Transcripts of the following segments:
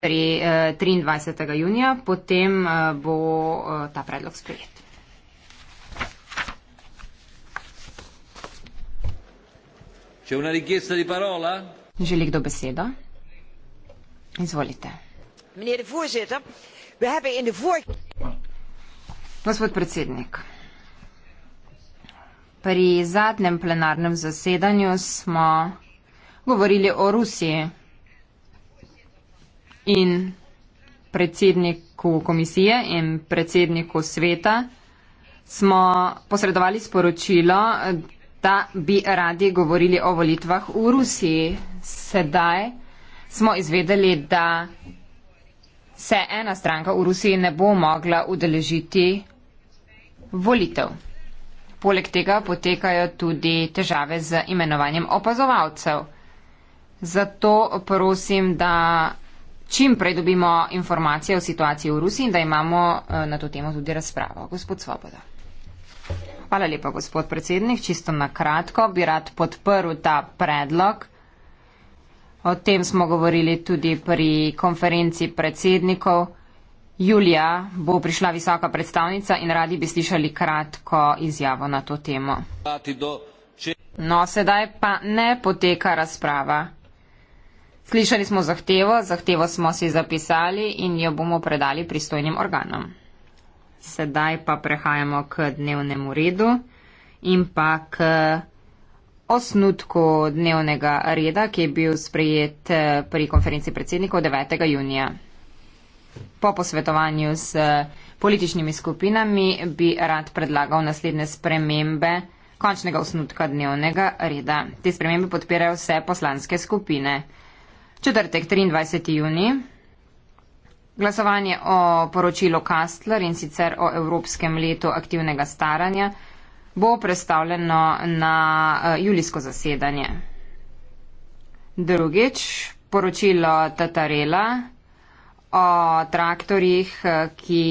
pri 23. Eh, junija, potem eh, bo eh, ta predlog sprejet. Želi kdo besedo? Izvolite. Gospod predsednik, pri zadnjem plenarnem zasedanju smo govorili o Rusiji in predsedniku komisije in predsedniku sveta smo posredovali sporočilo, da bi radi govorili o volitvah v Rusiji. Sedaj smo izvedeli, da se ena stranka v Rusiji ne bo mogla udeležiti volitev. Poleg tega potekajo tudi težave z imenovanjem opazovalcev. Zato prosim, da čim prej dobimo informacije o situaciji v Rusiji in da imamo eh, na to temo tudi razpravo. Gospod Svoboda. Hvala lepa, gospod predsednik. Čisto na kratko bi rad podprl ta predlog. O tem smo govorili tudi pri konferenci predsednikov. Julija bo prišla visoka predstavnica in radi bi slišali kratko izjavo na to temo. No, sedaj pa ne poteka razprava. Slišali smo zahtevo, zahtevo smo si zapisali in jo bomo predali pristojnim organom. Sedaj pa prehajamo k dnevnemu redu in pa k osnutku dnevnega reda, ki je bil sprejet eh, pri konferenci predsednikov 9. junija. Po posvetovanju s eh, političnimi skupinami bi rad predlagal naslednje spremembe končnega osnutka dnevnega reda. Te spremembe podpirajo vse poslanske skupine. Četrtek, 23. juni. Glasovanje o poročilu Kastler in sicer o Evropskem letu aktivnega staranja bo predstavljeno na eh, julijsko zasedanje. Drugič, poročilo Tatarela o traktorjih, eh, ki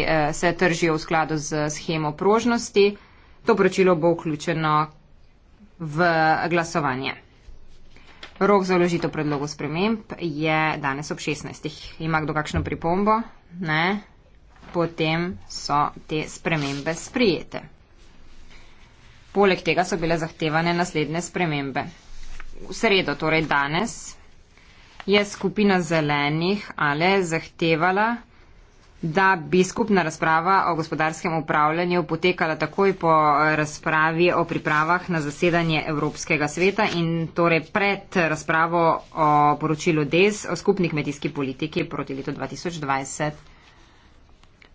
eh, se tržijo v skladu z schemo prožnosti. To poročilo bo vključeno v glasovanje. Rok za vložitev predlogov sprememb je danes ob 16. Ima kdo kakšno pripombo? Ne. Potem so te spremembe sprijete. Poleg tega so bile zahtevane naslednje spremembe. V sredo, torej danes, je skupina zelenih ali zahtevala da bi skupna razprava o gospodarskem upravljanju potekala takoj po eh, razpravi o pripravah na zasedanje Evropskega sveta in torej pred razpravo o poročilu DES o skupni kmetijski politiki proti letu 2020.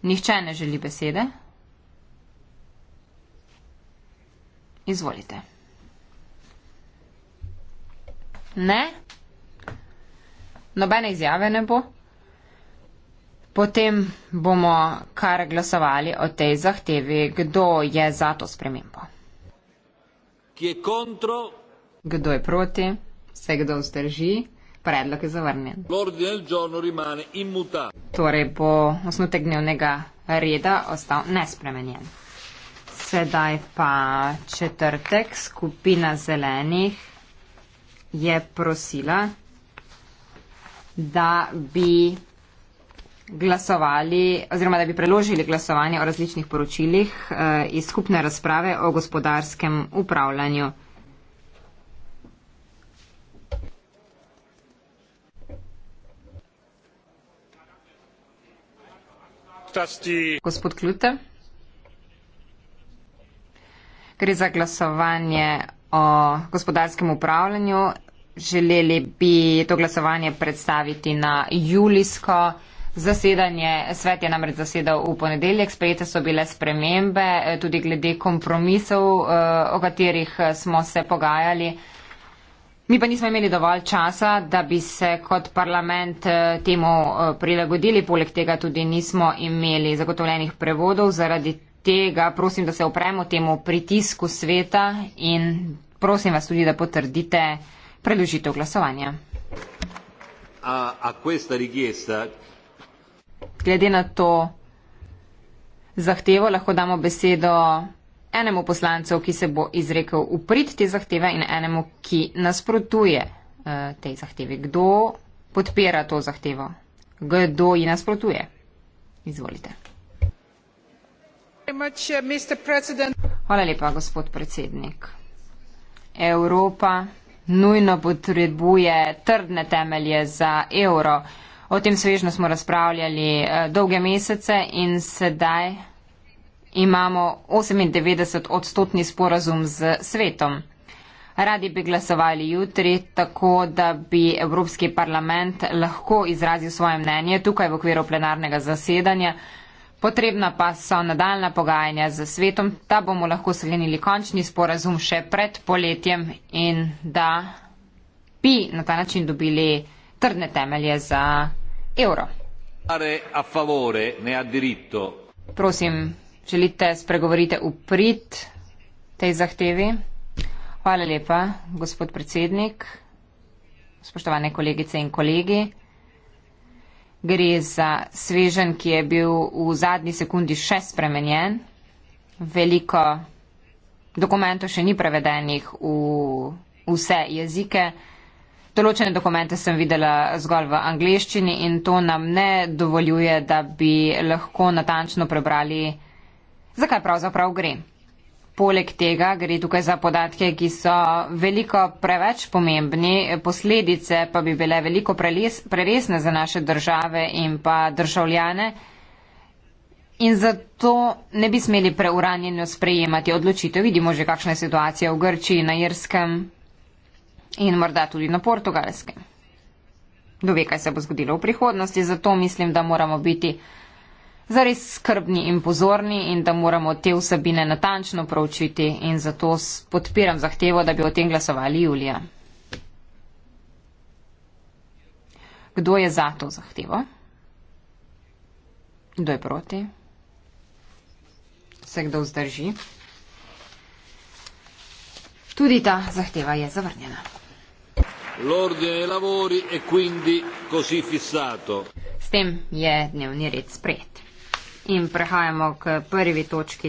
Nihče ne želi besede. Izvolite. Ne? Nobene izjave ne bo. Potem bomo kar glasovali o tej zahtevi, kdo je za to spremembo. Kdo je proti, se kdo vzdrži, predlog je zavrnjen. Torej bo osnutek dnevnega reda ostal nespremenjen. Sedaj pa četrtek skupina zelenih je prosila, da bi glasovali oziroma da bi preložili glasovanje o različnih poročilih eh, iz skupne razprave o gospodarskem upravljanju. Gospod Klute. Gre za glasovanje o gospodarskem upravljanju. Želeli bi to glasovanje predstaviti na julijsko. Zasedanje, svet je namreč zasedal v ponedeljek, sprejete so bile spremembe, eh, tudi glede kompromisov, eh, o katerih eh, smo se pogajali. Mi pa nismo imeli dovolj časa, da bi se kot parlament temu prilagodili, poleg tega tudi nismo imeli zagotovljenih prevodov. Zaradi tega prosim, da se opremo temu pritisku sveta in prosim vas tudi, da potrdite predložitev glasovanja. A, a Glede na to zahtevo lahko damo besedo enemu poslancu, ki se bo izrekel uprit te zahteve in enemu, ki nasprotuje uh, tej zahtevi. Kdo podpira to zahtevo? Kdo ji nasprotuje? Izvolite. Hvala lepa, gospod predsednik. Evropa nujno potrebuje trdne temelje za evro. O tem svežno smo razpravljali eh, dolge mesece in sedaj imamo 98 odstotni sporazum z svetom. Radi bi glasovali jutri, tako da bi Evropski parlament lahko izrazil svoje mnenje tukaj v okviru plenarnega zasedanja. Potrebna pa so nadaljna pogajanja z svetom, da bomo lahko sklenili končni sporazum še pred poletjem in da bi na ta način dobili trdne temelje za evro. Prosim, želite spregovoriti v prid tej zahtevi? Hvala lepa, gospod predsednik, spoštovane kolegice in kolegi. Gre za svežen, ki je bil v zadnji sekundi še spremenjen. Veliko dokumentov še ni prevedenih v vse jezike. Določene dokumente sem videla zgolj v angliščini in to nam ne dovoljuje, da bi lahko natančno prebrali, zakaj pravzaprav gre. Poleg tega gre tukaj za podatke, ki so veliko preveč pomembni, posledice pa bi bile veliko preles, preresne za naše države in pa državljane. In zato ne bi smeli preuranjeno sprejemati odločitev. Vidimo že, kakšna je situacija v Grčiji, na Irskem in morda tudi na portugalske. Dove, kaj se bo zgodilo v prihodnosti, zato mislim, da moramo biti zares skrbni in pozorni in da moramo te vsebine natančno proučiti in zato podpiram zahtevo, da bi o tem glasovali julija. Kdo je za to zahtevo? Kdo je proti? Se kdo vzdrži? Tudi ta zahteva je zavrnjena l'ordine dei lavori è quindi così fissato. S tem je dnevni red sprejet. In prehajamo k prvi točki